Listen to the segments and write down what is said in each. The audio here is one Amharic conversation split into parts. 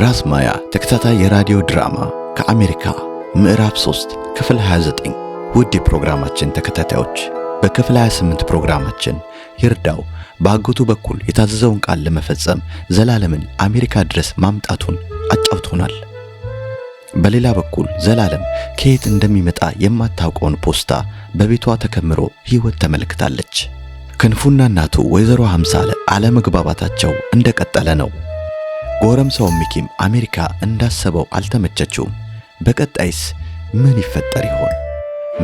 ራስ ማያ ተከታታይ የራዲዮ ድራማ ከአሜሪካ ምዕራፍ 3 ክፍል 29። ውድ የፕሮግራማችን ተከታታዮች በክፍል 28 ፕሮግራማችን ይርዳው በአጎቱ በኩል የታዘዘውን ቃል ለመፈጸም ዘላለምን አሜሪካ ድረስ ማምጣቱን አጫውቶናል። በሌላ በኩል ዘላለም ከየት እንደሚመጣ የማታውቀውን ፖስታ በቤቷ ተከምሮ ሕይወት ተመልክታለች። ክንፉና እናቱ ወይዘሮ ሀምሳለ አለመግባባታቸው እንደቀጠለ ነው። ጎረምሳው ሚኪም አሜሪካ እንዳሰበው አልተመቸችውም። በቀጣይስ ምን ይፈጠር ይሆን?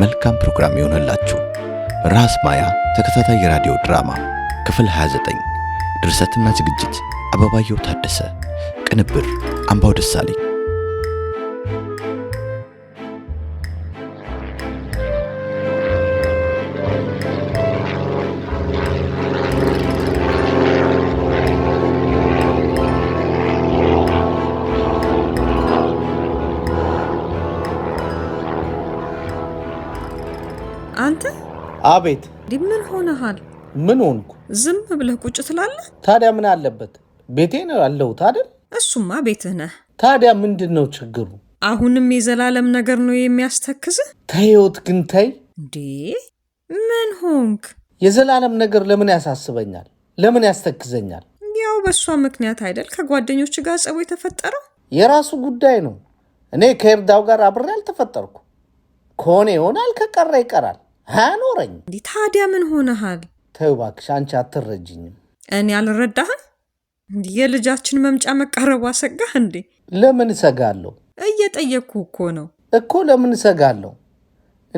መልካም ፕሮግራም ይሆንላችሁ። ራስ ማያ ተከታታይ የራዲዮ ድራማ ክፍል 29 ድርሰትና ዝግጅት አበባየው ታደሰ፣ ቅንብር አምባው ደሳለኝ አቤት ምን ሆነሃል? ምን ሆንኩ? ዝም ብለህ ቁጭ ትላለህ። ታዲያ ምን አለበት? ቤቴ ነው ያለሁት አይደል? እሱማ ቤትህ ነህ። ታዲያ ምንድን ነው ችግሩ? አሁንም የዘላለም ነገር ነው የሚያስተክዝህ? ተይወት ግን ተይ እንዴ! ምን ሆንክ? የዘላለም ነገር ለምን ያሳስበኛል? ለምን ያስተክዘኛል? ያው በእሷ ምክንያት አይደል ከጓደኞች ጋር ጸቡ የተፈጠረው? የራሱ ጉዳይ ነው። እኔ ከኤርዳው ጋር አብሬ አልተፈጠርኩ። ከሆነ ይሆናል፣ ከቀረ ይቀራል። አኖረኝ። እንዲህ ታዲያ ምን ሆነሃል? ተው እባክሽ አንቺ አትረጅኝም። እኔ አልረዳህም? የልጃችን መምጫ መቃረቡ አሰጋህ እንዴ? ለምን እሰጋለሁ? እየጠየቅኩ እኮ ነው እኮ ለምን እሰጋለሁ?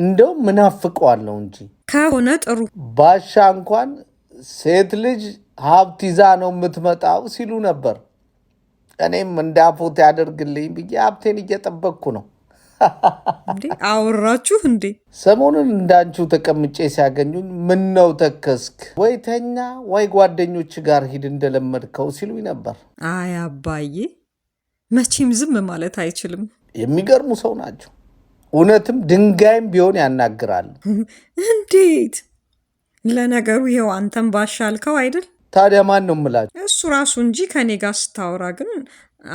እንደውም ምናፍቀዋለሁ እንጂ ከሆነ ጥሩ ባሻ እንኳን ሴት ልጅ ሀብት ይዛ ነው የምትመጣው ሲሉ ነበር። እኔም እንዳፎት ያደርግልኝ ብዬ ሀብቴን እየጠበቅኩ ነው። እንዴ አወራችሁ እንዴ? ሰሞኑን እንዳንቹ ተቀምጬ ሲያገኙኝ ምን ነው ተከስክ ወይ ተኛ ወይ ጓደኞች ጋር ሂድ እንደለመድከው ሲሉኝ ነበር። አይ አባዬ መቼም ዝም ማለት አይችልም። የሚገርሙ ሰው ናቸው። እውነትም ድንጋይም ቢሆን ያናግራሉ። እንዴት? ለነገሩ ይኸው አንተም ባሻልከው አይደል? ታዲያ ማን ነው የምላቸው? እሱ ራሱ እንጂ ከኔ ጋር ስታወራ ግን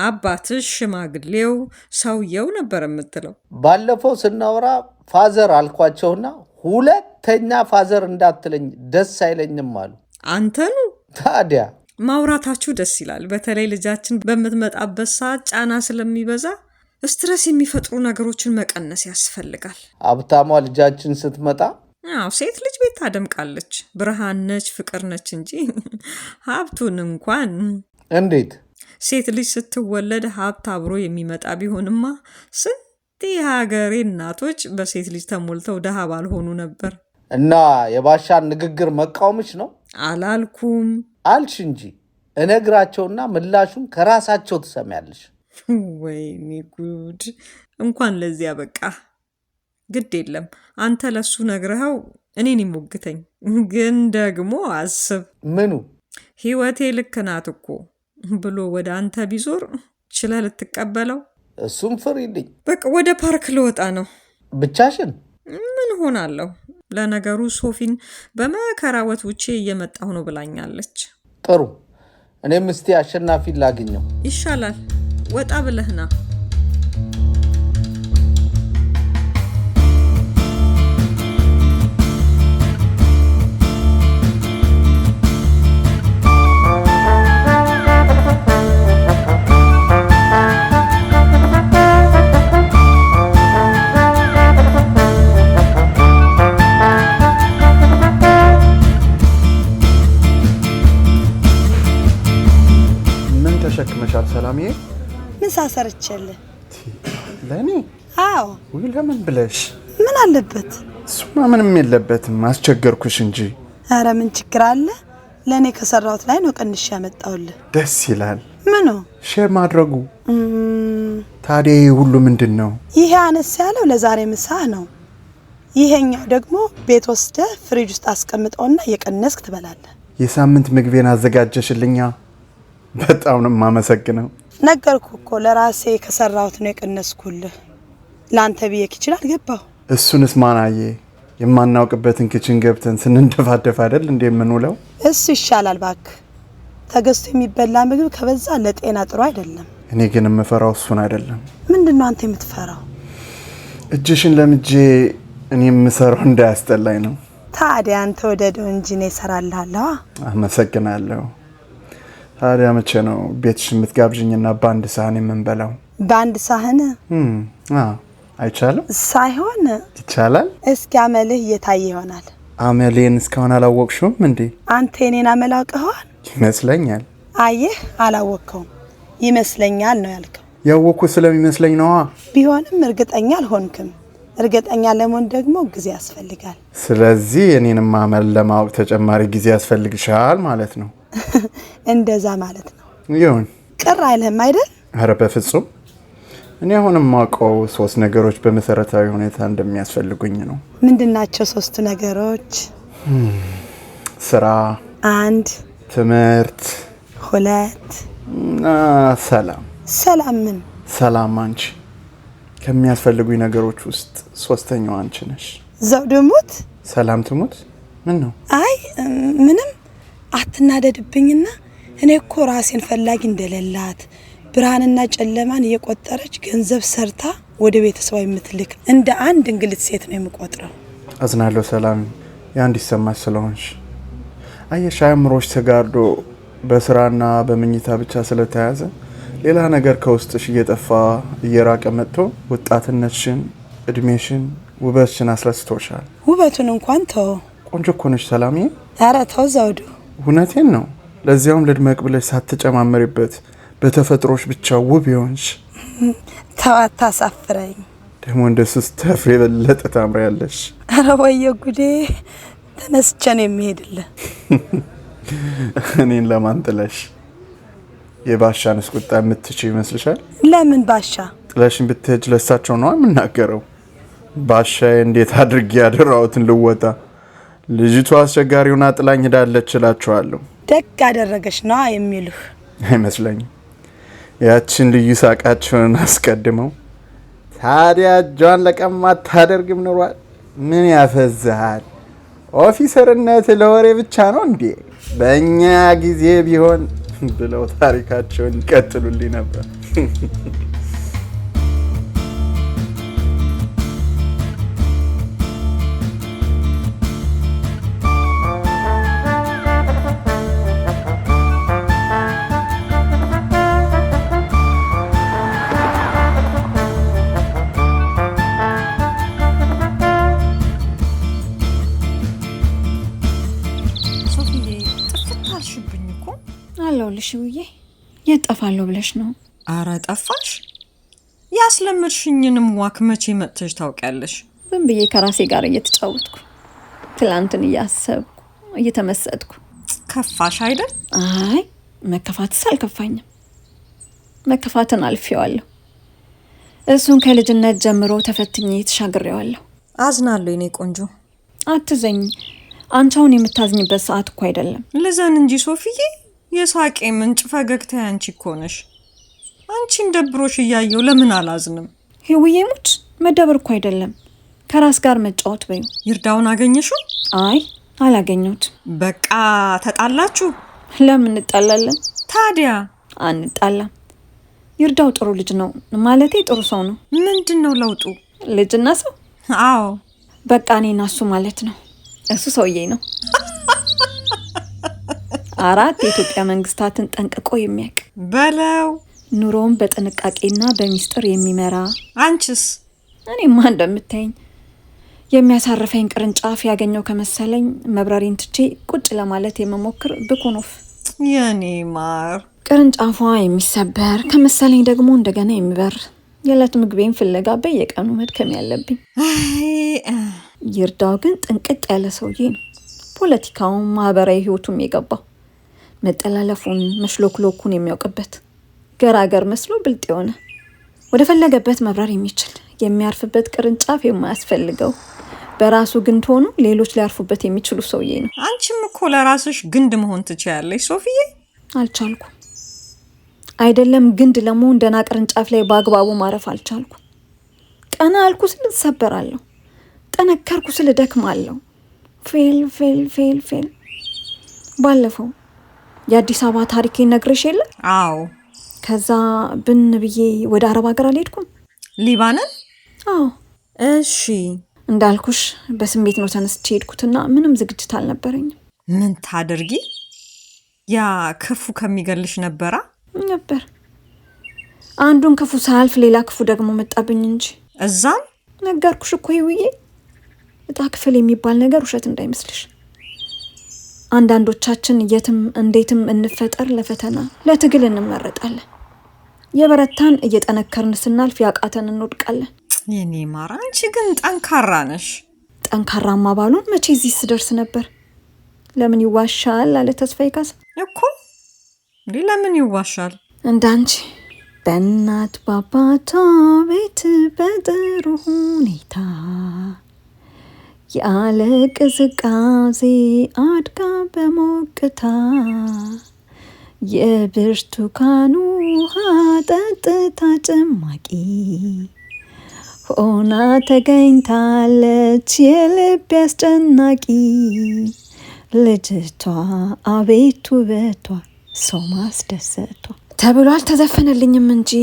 አባትሽ ሽማግሌው ሰውየው ነበር የምትለው። ባለፈው ስናወራ ፋዘር አልኳቸውና ሁለተኛ ፋዘር እንዳትለኝ ደስ አይለኝም አሉ። አንተኑ ታዲያ ማውራታችሁ ደስ ይላል። በተለይ ልጃችን በምትመጣበት ሰዓት ጫና ስለሚበዛ ስትረስ የሚፈጥሩ ነገሮችን መቀነስ ያስፈልጋል። ሀብታሟ ልጃችን ስትመጣ አዎ ሴት ልጅ ቤት ታደምቃለች። ብርሃን ነች፣ ፍቅር ነች እንጂ ሀብቱን እንኳን እንዴት ሴት ልጅ ስትወለድ ሀብት አብሮ የሚመጣ ቢሆንማ ስንት የሀገሬ እናቶች በሴት ልጅ ተሞልተው ደሃ ባልሆኑ ነበር። እና የባሻን ንግግር መቃወምሽ ነው? አላልኩም። አልሽ እንጂ እነግራቸውና ምላሹን ከራሳቸው ትሰሚያለሽ። ወይኔ ጉድ! እንኳን ለዚያ በቃ። ግድ የለም አንተ ለሱ ነግረኸው እኔን ይሞግተኝ። ግን ደግሞ አስብ። ምኑ ህይወቴ ልክ ናት እኮ ብሎ ወደ አንተ ቢዞር ችለ ልትቀበለው? እሱም ፍሪልኝ። በቃ ወደ ፓርክ ልወጣ ነው። ብቻሽን ምን ሆናለሁ? ለነገሩ ሶፊን በመከራ ወትውቼ እየመጣሁ ነው ብላኛለች። ጥሩ፣ እኔም እስቲ አሸናፊን ላግኘው ይሻላል። ወጣ ብለህና ሰርቼልህ ለእኔ? አዎ። ውይ ለምን ብለሽ? ምን አለበት? እሱማ ምንም የለበትም። አስቸገርኩሽ እንጂ። አረ ምን ችግር አለ? ለእኔ ከሰራሁት ላይ ነው ቀንሽ ያመጣውልህ። ደስ ይላል። ምኑ? ሼር ማድረጉ። ታዲያ ይህ ሁሉ ምንድን ነው? ይሄ አነስ ያለው ለዛሬ ምሳ ነው። ይሄኛው ደግሞ ቤት ወስደ ፍሪጅ ውስጥ አስቀምጠውና እየቀነስክ ትበላለህ። የሳምንት ምግቤን አዘጋጀሽልኛ። በጣም ነው የማመሰግነው። ነገርኩ እኮ ለራሴ ከሰራሁት ነው የቀነስኩልህ። ለአንተ ብዬ ኪችን አልገባሁ። እሱንስ ማናየ የማናውቅበትን ክችን ገብተን ስንንደፋደፍ አይደል እንዴ የምንውለው? እሱ ይሻላል ባክ ተገዝቶ የሚበላ ምግብ ከበዛ ለጤና ጥሩ አይደለም። እኔ ግን የምፈራው እሱን አይደለም። ምንድን ነው አንተ የምትፈራው? እጅሽን ለምጄ እኔ የምሰራው እንዳያስጠላኝ ነው። ታዲያ አንተ ወደደው እንጂ እኔ እሰራልሃለሁ። አመሰግናለሁ። ታዲያ መቼ ነው ቤትሽ የምትጋብዥኝና በአንድ ሳህን የምንበላው? በአንድ ሳህን አይቻልም። ሳይሆን ይቻላል። እስኪ አመልህ እየታየ ይሆናል። አመሌን እስካሁን አላወቅሽውም እንዴ? አንተ የኔን አመል አውቀኸዋል ይመስለኛል። አየህ፣ አላወቅከውም ይመስለኛል ነው ያልከው። ያወቅኩ ስለሚመስለኝ ነዋ። ቢሆንም እርግጠኛ አልሆንክም። እርግጠኛ ለመሆን ደግሞ ጊዜ ያስፈልጋል። ስለዚህ የኔንም አመል ለማወቅ ተጨማሪ ጊዜ ያስፈልግሻል ማለት ነው። እንደዛ ማለት ነው። ይሁን ቅር አይልህም አይደል? አረ በፍጹም እኔ አሁንም ማውቀው ሶስት ነገሮች በመሰረታዊ ሁኔታ እንደሚያስፈልጉኝ ነው። ምንድናቸው ሶስት ነገሮች? ስራ አንድ፣ ትምህርት ሁለት ሰላም። ሰላም ምን? ሰላም አንቺ ከሚያስፈልጉኝ ነገሮች ውስጥ ሶስተኛው አንቺ ነሽ። ዘውድ ሙት ሰላም ትሙት። ምን ነው? አይ ምንም አትናደድብኝና እኔ እኮ ራሴን ፈላጊ እንደሌላት ብርሃንና ጨለማን እየቆጠረች ገንዘብ ሰርታ ወደ ቤተሰባ የምትልክ እንደ አንድ እንግልት ሴት ነው የምቆጥረው። አዝናለሁ ሰላም፣ የአንድ ይሰማች ስለሆንሽ አየሽ፣ አእምሮሽ ተጋርዶ በስራና በምኝታ ብቻ ስለተያዘ ሌላ ነገር ከውስጥሽ እየጠፋ እየራቀ መጥቶ ወጣትነትሽን፣ እድሜሽን፣ ውበትሽን አስረስቶሻል። ውበቱን እንኳን ተው፣ ቆንጆ እኮ ነሽ ሰላምዬ። ኧረ ተው ዘውዱ፣ እውነቴን ነው ለዚያውም ልድመቅ ብለሽ ሳትጨማመሪበት በተፈጥሮች ብቻ ውብ ይሆንሽ። ተዋት። ታሳፍረኝ ደግሞ እንደ ሱስ ተፍሬ የበለጠ ታምሪያለሽ። አረ ወየ ጉዴ! ተነስቼ ነው የሚሄድልህ። እኔን ለማን ጥለሽ? የባሻንስ ቁጣ የምትችው ይመስልሻል? ለምን ባሻ ጥለሽን ብትሄጅ ለሳቸው ነው የምናገረው። ባሻ እንዴት አድርጌ ያደራሁትን ልወጣ? ልጅቱ አስቸጋሪውን አጥላኝ ሄዳለች እላችኋለሁ። ደግ አደረገች ነዋ የሚሉህ አይመስለኝም። ያችን ልዩ ሳቃቸውን አስቀድመው ታዲያ እጇን ለቀማ አታደርግም ኑሯል። ምን ያፈዝሃል? ኦፊሰርነት ለወሬ ብቻ ነው እንዴ? በእኛ ጊዜ ቢሆን ብለው ታሪካቸውን ይቀጥሉልኝ ነበር። እጠፋለሁ ብለሽ ነው? አረ ጠፋሽ? ያስለመድሽኝንም ዋክ መቼ መጥተሽ ታውቂያለሽ? ዝም ብዬ ከራሴ ጋር እየተጫወትኩ ትላንትን እያሰብኩ እየተመሰጥኩ። ከፋሽ አይደል? አይ መከፋትስ አልከፋኝም። መከፋትን አልፌዋለሁ። እሱን ከልጅነት ጀምሮ ተፈትኜ ተሻግሬዋለሁ። አዝናለሁ የኔ ቆንጆ። አትዘኝ። አንቻውን የምታዝኝበት ሰዓት እኮ አይደለም። ልዘን እንጂ ሶፊዬ የሳቄ ምንጭ ፈገግታ አንቺ እኮ ነሽ። አንቺን ደብሮሽ እያየው ለምን አላዝንም? ህውዬ ሙች መደበር እኮ አይደለም ከራስ ጋር መጫወት በዩ። ይርዳውን አገኘሽው? አይ አላገኘሁት። በቃ ተጣላችሁ? ለምን እንጣላለን ታዲያ? አንጣላም። ይርዳው ጥሩ ልጅ ነው፣ ማለቴ ጥሩ ሰው ነው። ምንድን ነው ለውጡ? ልጅና ሰው? አዎ በቃ እኔና እሱ ማለት ነው። እሱ ሰውዬ ነው። አራት የኢትዮጵያ መንግስታትን ጠንቅቆ የሚያውቅ በለው ኑሮውን በጥንቃቄና በሚስጥር የሚመራ አንቺስ? እኔማ እንደምታይኝ የሚያሳርፈኝ ቅርንጫፍ ያገኘው ከመሰለኝ መብረሬን ትቼ ቁጭ ለማለት የምሞክር ብኩኖፍ የኔ ማር ቅርንጫፏ የሚሰበር ከመሰለኝ ደግሞ እንደገና የሚበር የዕለት ምግቤን ፍለጋ በየቀኑ መድከም ያለብኝ። ይርዳው ግን ጥንቅጥ ያለ ሰውዬ ነው። ፖለቲካውም ማህበራዊ ህይወቱም የገባው መጠላለፉን መሽሎክሎኩን የሚያውቅበት ገራገር መስሎ ብልጥ የሆነ ወደ ፈለገበት መብረር የሚችል የሚያርፍበት ቅርንጫፍ የማያስፈልገው በራሱ ግንድ ሆኖ ሌሎች ሊያርፉበት የሚችሉ ሰውዬ ነው። አንቺም እኮ ለራስሽ ግንድ መሆን ትችያለሽ ሶፊዬ። አልቻልኩም። አይደለም ግንድ ለመሆን ደህና ቅርንጫፍ ላይ በአግባቡ ማረፍ አልቻልኩም። ቀና አልኩ ስል ትሰበራለሁ፣ ጠነከርኩ ስል ደክማለሁ። ፌል ፌል ፌል ፌል ባለፈው የአዲስ አበባ ታሪክ ነግሬሽ የለ? አዎ። ከዛ ብን ብዬ ወደ አረብ ሀገር አልሄድኩም? ሊባንን? አዎ። እሺ። እንዳልኩሽ በስሜት ነው ተነስቼ ሄድኩትና ምንም ዝግጅት አልነበረኝም። ምን ታደርጊ? ያ ክፉ ከሚገልሽ ነበራ ነበር። አንዱን ክፉ ሳያልፍ ሌላ ክፉ ደግሞ መጣብኝ እንጂ እዛም ነገርኩሽ እኮ ይውዬ እጣ ክፍል የሚባል ነገር ውሸት እንዳይመስልሽ። አንዳንዶቻችን የትም እንዴትም እንፈጠር ለፈተና ለትግል እንመረጣለን። የበረታን እየጠነከርን ስናልፍ ያቃተን እንወድቃለን። የኔ ማር፣ አንቺ ግን ጠንካራ ነሽ። ጠንካራማ ባሉን መቼ እዚህ ስደርስ ነበር። ለምን ይዋሻል አለ ተስፋዬ ካሳ። እኮ እንዲህ ለምን ይዋሻል እንዳንቺ በእናት ባባቷ ቤት በጥሩ ሁኔታ ያለ ቅዝቃዜ አድጋ በሞቅታ የብርቱካኑ ውሃ ጠጥታ ጭማቂ ሆና ተገኝታለች የልብ አስጨናቂ ልጅቷ አቤቱ ውበቷ ሰው ማስደሰቷ ተብሎ አልተዘፈነልኝም እንጂ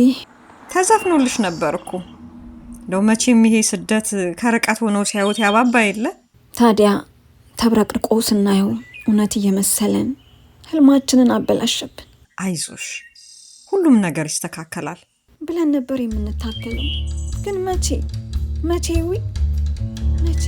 ተዘፍኖልሽ ነበርኩ። እንደው መቼም ይሄ ስደት ከርቀት ሆኖ ሲያዩት ያባባ የለ ታዲያ ተብረቅርቆ ስናየው እውነት እየመሰለን ህልማችንን አበላሸብን። አይዞሽ ሁሉም ነገር ይስተካከላል ብለን ነበር የምንታገለው። ግን መቼ መቼ ዊ መቼ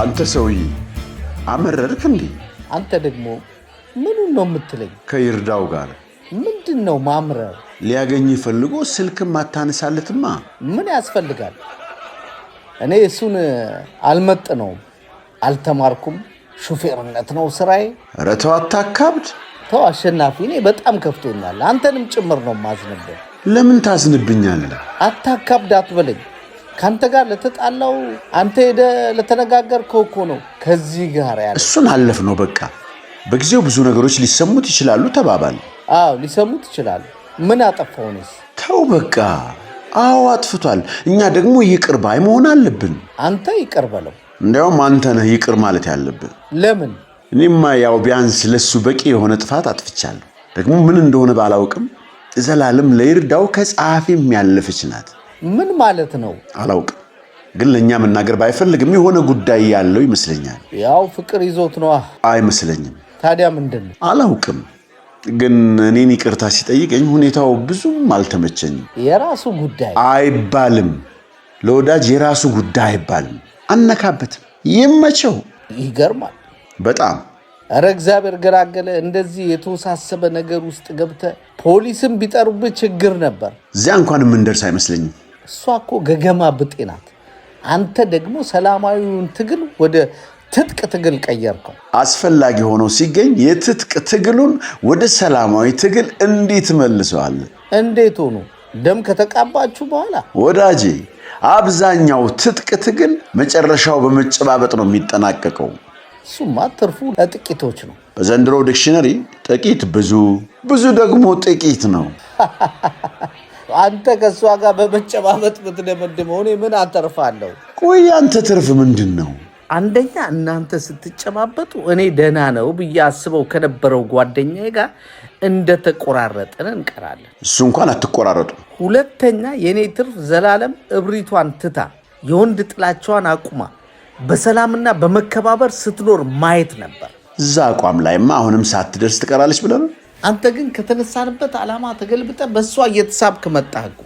አንተ ሰውዬ አመረርክ እንዴ? አንተ ደግሞ ምኑን ነው የምትለኝ? ከይርዳው ጋር ምንድን ነው ማምረር? ሊያገኝ ፈልጎ ስልክም አታነሳለትማ። ምን ያስፈልጋል? እኔ እሱን አልመጥ ነውም፣ አልተማርኩም። ሹፌርነት ነው ስራዬ። ኧረ ተው አታካብድ። ተው አሸናፊ፣ እኔ በጣም ከፍቶኛል። አንተንም ጭምር ነው ማዝንብህ። ለምን ታዝንብኛለህ? አታካብድ አትበለኝ። ከአንተ ጋር ለተጣላው አንተ ሄደ ለተነጋገርከው እኮ ነው። ከዚህ ጋር ያለ እሱን አለፍ ነው በቃ። በጊዜው ብዙ ነገሮች ሊሰሙት ይችላሉ ተባባል። አዎ ሊሰሙት ይችላሉ። ምን አጠፋውንስ? ተው በቃ። አዎ አጥፍቷል። እኛ ደግሞ ይቅር ባይ መሆን አለብን። አንተ ይቅር በለው። እንዲያውም አንተ ነህ ይቅር ማለት ያለብን። ለምን? እኔማ ያው ቢያንስ ለሱ በቂ የሆነ ጥፋት አጥፍቻለሁ። ደግሞ ምን እንደሆነ ባላውቅም ዘላለም ለይርዳው ከጸሐፊም ያለፈች ናት። ምን ማለት ነው አላውቅም፣ ግን ለእኛ መናገር ባይፈልግም የሆነ ጉዳይ ያለው ይመስለኛል። ያው ፍቅር ይዞት ነዋ። አይመስለኝም። ታዲያ ምንድን ነው? አላውቅም፣ ግን እኔን ይቅርታ ሲጠይቀኝ ሁኔታው ብዙም አልተመቸኝም። የራሱ ጉዳይ አይባልም። ለወዳጅ የራሱ ጉዳይ አይባልም። አነካበትም። ይመቸው። ይገርማል በጣም እረ እግዚአብሔር ገላገለ። እንደዚህ የተወሳሰበ ነገር ውስጥ ገብተ ፖሊስም ቢጠሩብህ ችግር ነበር። እዚያ እንኳን የምንደርስ አይመስለኝም። እሷ እኮ ገገማ ብጤ ናት። አንተ ደግሞ ሰላማዊውን ትግል ወደ ትጥቅ ትግል ቀየርከው። አስፈላጊ ሆኖ ሲገኝ የትጥቅ ትግሉን ወደ ሰላማዊ ትግል እንዴት መልሰዋል? እንዴት ሆኖ ደም ከተቃባችሁ በኋላ ወዳጄ፣ አብዛኛው ትጥቅ ትግል መጨረሻው በመጨባበጥ ነው የሚጠናቀቀው። እሱማ ትርፉ ለጥቂቶች ነው። በዘንድሮው ዲክሽነሪ ጥቂት ብዙ፣ ብዙ ደግሞ ጥቂት ነው። አንተ ከእሷ ጋር በመጨባበጥ ብትደመድመው እኔ ምን አተርፋለሁ? ቆይ አንተ ትርፍ ምንድን ነው? አንደኛ እናንተ ስትጨባበጡ እኔ ደህና ነው ብዬ አስበው ከነበረው ጓደኛዬ ጋር እንደተቆራረጠን እንቀራለን። እሱ እንኳን አትቆራረጡ። ሁለተኛ የእኔ ትርፍ ዘላለም እብሪቷን ትታ የወንድ ጥላቸዋን አቁማ በሰላምና በመከባበር ስትኖር ማየት ነበር። እዛ አቋም ላይማ አሁንም ሳትደርስ ትቀራለች ብለህ ነው? አንተ ግን ከተነሳንበት ዓላማ ተገልብጠ በእሷ እየተሳብክ መጣህ እኮ።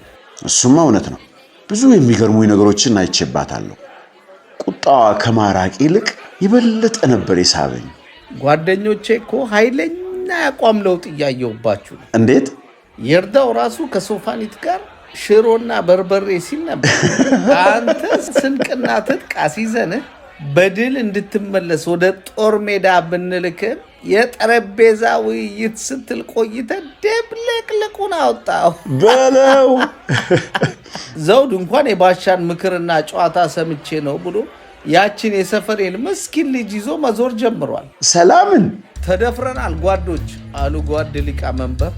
እሱማ እውነት ነው። ብዙ የሚገርሙ ነገሮችን አይቼባታለሁ። ቁጣዋ ከማራቅ ይልቅ የበለጠ ነበር የሳበኝ። ጓደኞቼ እኮ ኃይለኛ ያቋም ለውጥ እያየሁባችሁ። እንዴት የእርዳው ራሱ ከሶፋኒት ጋር ሽሮና በርበሬ ሲል ነበር። አንተ ስንቅና ትጥቅ አስይዘንህ በድል እንድትመለስ ወደ ጦር ሜዳ ብንልክን የጠረጴዛ ውይይት ስትል ቆይተ ደብለቅልቁን አወጣው በለው። ዘውድ እንኳን የባሻን ምክርና ጨዋታ ሰምቼ ነው ብሎ ያችን የሰፈሬን ምስኪን ልጅ ይዞ መዞር ጀምሯል። ሰላምን ተደፍረናል ጓዶች አሉ ጓድ ሊቀመንበር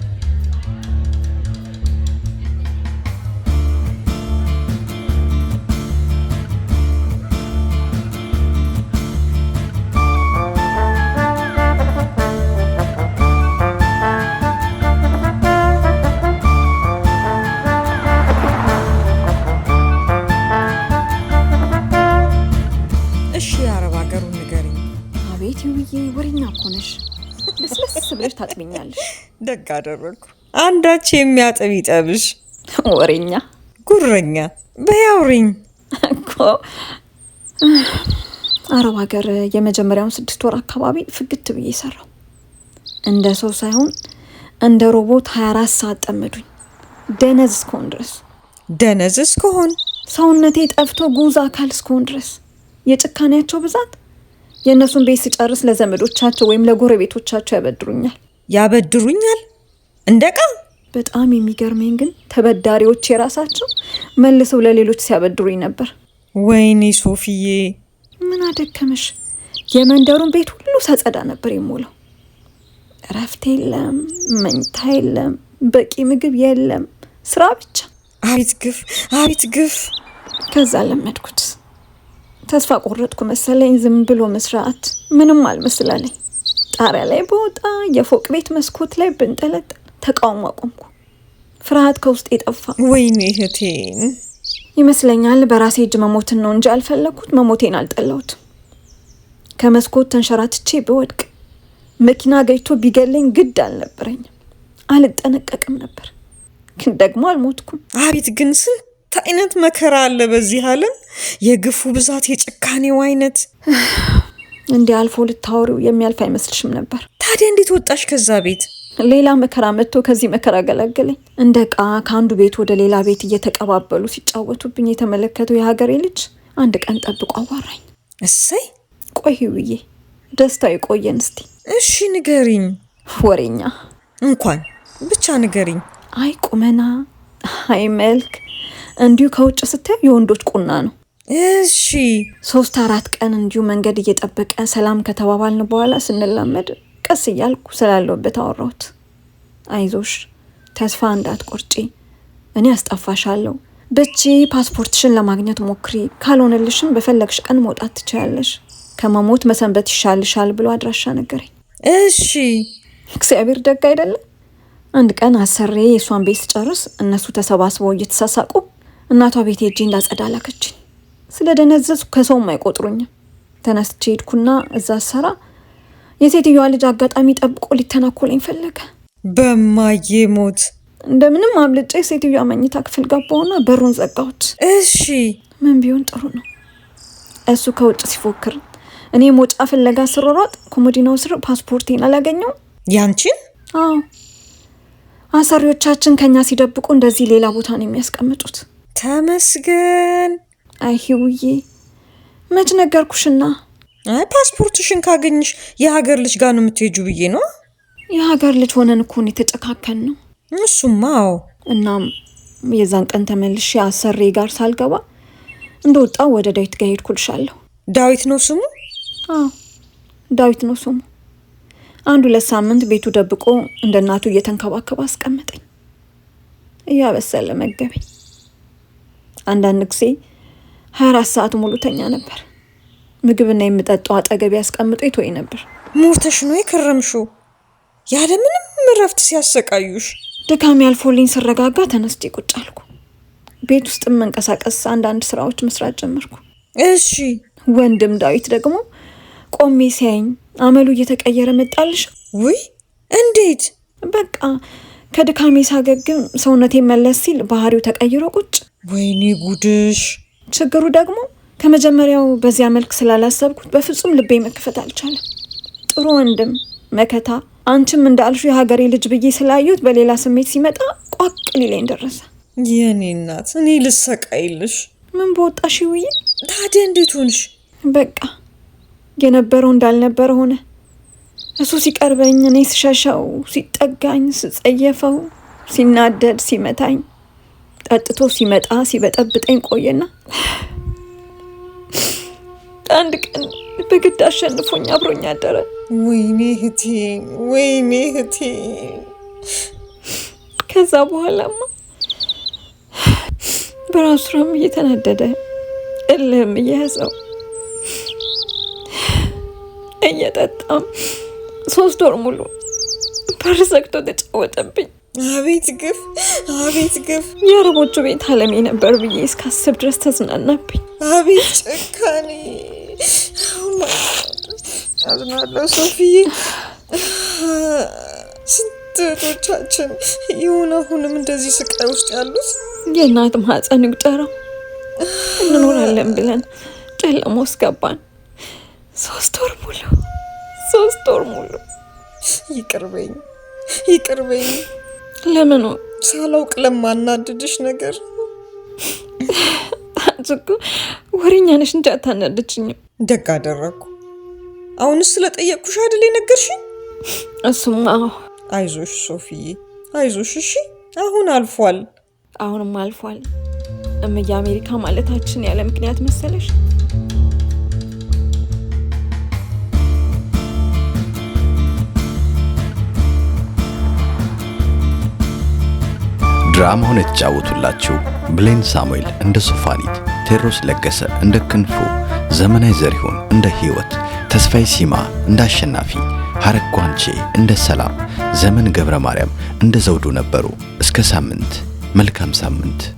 ደግ አደረግኩ። አንዳች የሚያጥብ ይጠብሽ። ወሬኛ ጉረኛ በያውሪኝ እኮ አረብ ሀገር የመጀመሪያውን ስድስት ወር አካባቢ ፍግት ብዬ ሰራው። እንደ ሰው ሳይሆን እንደ ሮቦት ሀያ አራት ሰዓት ጠመዱኝ። ደነዝ እስከሆን ድረስ ደነዝ እስከሆን ሰውነቴ ጠፍቶ ጉዝ አካል እስከሆን ድረስ የጭካኔያቸው ብዛት የእነሱን ቤት ስጨርስ ለዘመዶቻቸው ወይም ለጎረቤቶቻቸው ያበድሩኛል። ያበድሩኛል እንደ በጣም የሚገርመኝ ግን ተበዳሪዎች የራሳቸው መልሰው ለሌሎች ሲያበድሩኝ ነበር። ወይኔ ሶፊዬ ምን አደከመሽ? የመንደሩን ቤት ሁሉ ሳጸዳ ነበር የሞላው። እረፍት የለም፣ መኝታ የለም፣ በቂ ምግብ የለም፣ ስራ ብቻ። አቤት ግፍ! አቤት ግፍ! ከዛ ለመድኩት። ተስፋ ቆረጥኩ መሰለኝ። ዝም ብሎ መስራት ምንም አልመስላለኝ። ጣሪያ ላይ በወጣ የፎቅ ቤት መስኮት ላይ ብንጠለጠል ተቃውሞ አቆምኩ። ፍርሃት ከውስጥ የጠፋ ወይኔ እህቴን ይመስለኛል። በራሴ እጅ መሞትን ነው እንጂ አልፈለግኩት። መሞቴን አልጠላሁት። ከመስኮት ተንሸራትቼ ብወድቅ መኪና ገጭቶ ቢገለኝ ግድ አልነበረኝም። አልጠነቀቅም ነበር፣ ግን ደግሞ አልሞትኩም። አቤት ግን ስንት አይነት መከራ አለ በዚህ ዓለም! የግፉ ብዛት፣ የጭካኔው አይነት እንዲህ አልፎ ልታወሪው የሚያልፍ አይመስልሽም ነበር። ታዲያ እንዴት ወጣሽ ከዛ ቤት? ሌላ መከራ መጥቶ ከዚህ መከራ ገላገለኝ። እንደ ቃ ከአንዱ ቤት ወደ ሌላ ቤት እየተቀባበሉ ሲጫወቱብኝ የተመለከተው የሀገሬ ልጅ አንድ ቀን ጠብቆ አዋራኝ። እሰይ ቆይ ውዬ ደስታ ይቆየን እስቲ። እሺ ንገሪኝ። ወሬኛ እንኳን ብቻ ንገሪኝ። አይ ቁመና፣ አይ መልክ፣ እንዲሁ ከውጭ ስታየው የወንዶች ቁና ነው። እሺ ሶስት አራት ቀን እንዲሁ መንገድ እየጠበቀ ሰላም ከተባባልን በኋላ ስንላመድ ቀስ እያልኩ ስላለውበት አወራሁት። አይዞሽ፣ ተስፋ እንዳትቆርጪ፣ እኔ አስጠፋሻለሁ። በቺ ፓስፖርትሽን ለማግኘት ሞክሪ፣ ካልሆነልሽም በፈለግሽ ቀን መውጣት ትችላለሽ። ከመሞት መሰንበት ይሻልሻል ብሎ አድራሻ ነገረኝ። እሺ፣ እግዚአብሔር ደግ አይደለም። አንድ ቀን አሰሬ የእሷን ቤት ጨርስ እነሱ ተሰባስበው እየተሳሳቁ እናቷ ቤት ሄጄ እንዳጸዳ ላከችኝ። ስለ ደነዘዝኩ ከሰውም አይቆጥሩኝም። ተነስቼ ሄድኩና እዛ ሰራ የሴትዮዋ ልጅ አጋጣሚ ጠብቆ ሊተናኮለኝ ፈለገ። በማዬ ሞት እንደምንም አምልጬ ሴትዮዋ መኝታ ክፍል ገባሁና በሩን ዘጋሁት። እሺ ምን ቢሆን ጥሩ ነው? እሱ ከውጭ ሲፎክር እኔ ሞጫ ፍለጋ ስሮሯጥ ኮሞዲናው ስር ፓስፖርቴን አላገኘው። ያንቺን? አዎ አሰሪዎቻችን ከኛ ሲደብቁ እንደዚህ ሌላ ቦታ ነው የሚያስቀምጡት። ተመስገን አይ ሂውዬ መች ነገርኩሽና ፓስፖርትሽን ካገኝሽ የሀገር ልጅ ጋር ነው የምትሄጁ ብዬ ነው። የሀገር ልጅ ሆነን እኮ ነው የተጨካከን ነው። እሱማ አዎ። እናም የዛን ቀን ተመልሼ አሰሬ ጋር ሳልገባ እንደወጣው ወደ ዳዊት ጋር ሄድኩልሻለሁ። ዳዊት ነው ስሙ? አዎ ዳዊት ነው ስሙ። አንድ ሁለት ሳምንት ቤቱ ደብቆ እንደ እናቱ እየተንከባከበ አስቀመጠኝ። እያበሰለ መገበኝ። አንዳንድ ጊዜ ሀያ አራት ሰዓት ሙሉ ተኛ ነበር። ምግብና የምጠጣው አጠገብ ያስቀምጦ ይቶይ ነበር። ሞተሽ ነው የከረምሹ ያለ ምንም እረፍት ሲያሰቃዩሽ። ድካሜ ያልፎልኝ ስረጋጋ ተነስቼ ቁጭ አልኩ። ቤት ውስጥ መንቀሳቀስ፣ አንዳንድ ስራዎች መስራት ጀመርኩ። እሺ ወንድም ዳዊት ደግሞ ቆሜ ሲያኝ አመሉ እየተቀየረ መጣልሽ። ውይ እንዴት! በቃ ከድካሜ ሳገግም ሰውነቴ መለስ ሲል ባህሪው ተቀይሮ ቁጭ። ወይኔ ጉድሽ ችግሩ ደግሞ ከመጀመሪያው በዚያ መልክ ስላላሰብኩት በፍጹም ልቤ መክፈት አልቻለም። ጥሩ ወንድም መከታ፣ አንቺም እንዳልሹ የሀገሬ ልጅ ብዬ ስላዩት በሌላ ስሜት ሲመጣ ቋቅ ሊለኝ ደረሰ። የኔ እናት እኔ ልሰቃይልሽ። ምን በወጣሽ ውዬ። ታዲያ እንዴት ሆንሽ? በቃ የነበረው እንዳልነበረ ሆነ። እሱ ሲቀርበኝ፣ እኔ ስሸሸው፣ ሲጠጋኝ፣ ስጸየፈው፣ ሲናደድ፣ ሲመታኝ ጠጥቶ ሲመጣ ሲበጠብጠኝ ቆየና አንድ ቀን በግድ አሸንፎኝ አብሮኝ አደረ። ወይኔ እህቴ፣ ወይኔ እህቴ። ከዛ በኋላማ በራሱ ስራም እየተናደደ እልህም እየያዘው እየጠጣም ሶስት ወር ሙሉ በር ዘግቶ ተጫወተብኝ። አቤት ግፍ! አቤት ግፍ! የአረቦቹ ቤት አለሜ ነበር ብዬ እስካስብ ድረስ ተዝናናብኝ። አቤት ጭካኔ! አዝናለሁ ሶፊዬ። ስንት እህቶቻችን የሆነ አሁንም እንደዚህ ስቃይ ውስጥ ያሉት የእናት ማህፀን ይቁጠረው እንኖራለን ብለን ጨለማ ውስጥ ገባን። ሶስት ወር ሙሉ ሶስት ወር ሙሉ ይቅርበኝ፣ ይቅርበኝ ለምኑ ሳላውቅ ለማናድድሽ ነገር አንቺ እኮ ወሬኛ ነሽ እንጂ አታናድችኝም። ደግ አደረግኩ። አሁንስ ስለጠየቅኩሽ አይደል የነገርሽኝ? እሱማ አይዞሽ ሶፊዬ፣ አይዞሽ እሺ። አሁን አልፏል። አሁንም አልፏል። እምዬ አሜሪካ ማለታችን ያለ ምክንያት መሰለሽ? ድራማውን የተጫወቱላችሁ ብሌን ሳሙኤል እንደ ሶፋኒት፣ ቴድሮስ ለገሰ እንደ ክንፉ፣ ዘመናዊ ዘሪሁን እንደ ሕይወት፣ ተስፋዬ ሲማ እንደ አሸናፊ፣ ሐረግ ጓንቼ እንደ ሰላም፣ ዘመን ገብረ ማርያም እንደ ዘውዱ ነበሩ። እስከ ሳምንት፣ መልካም ሳምንት።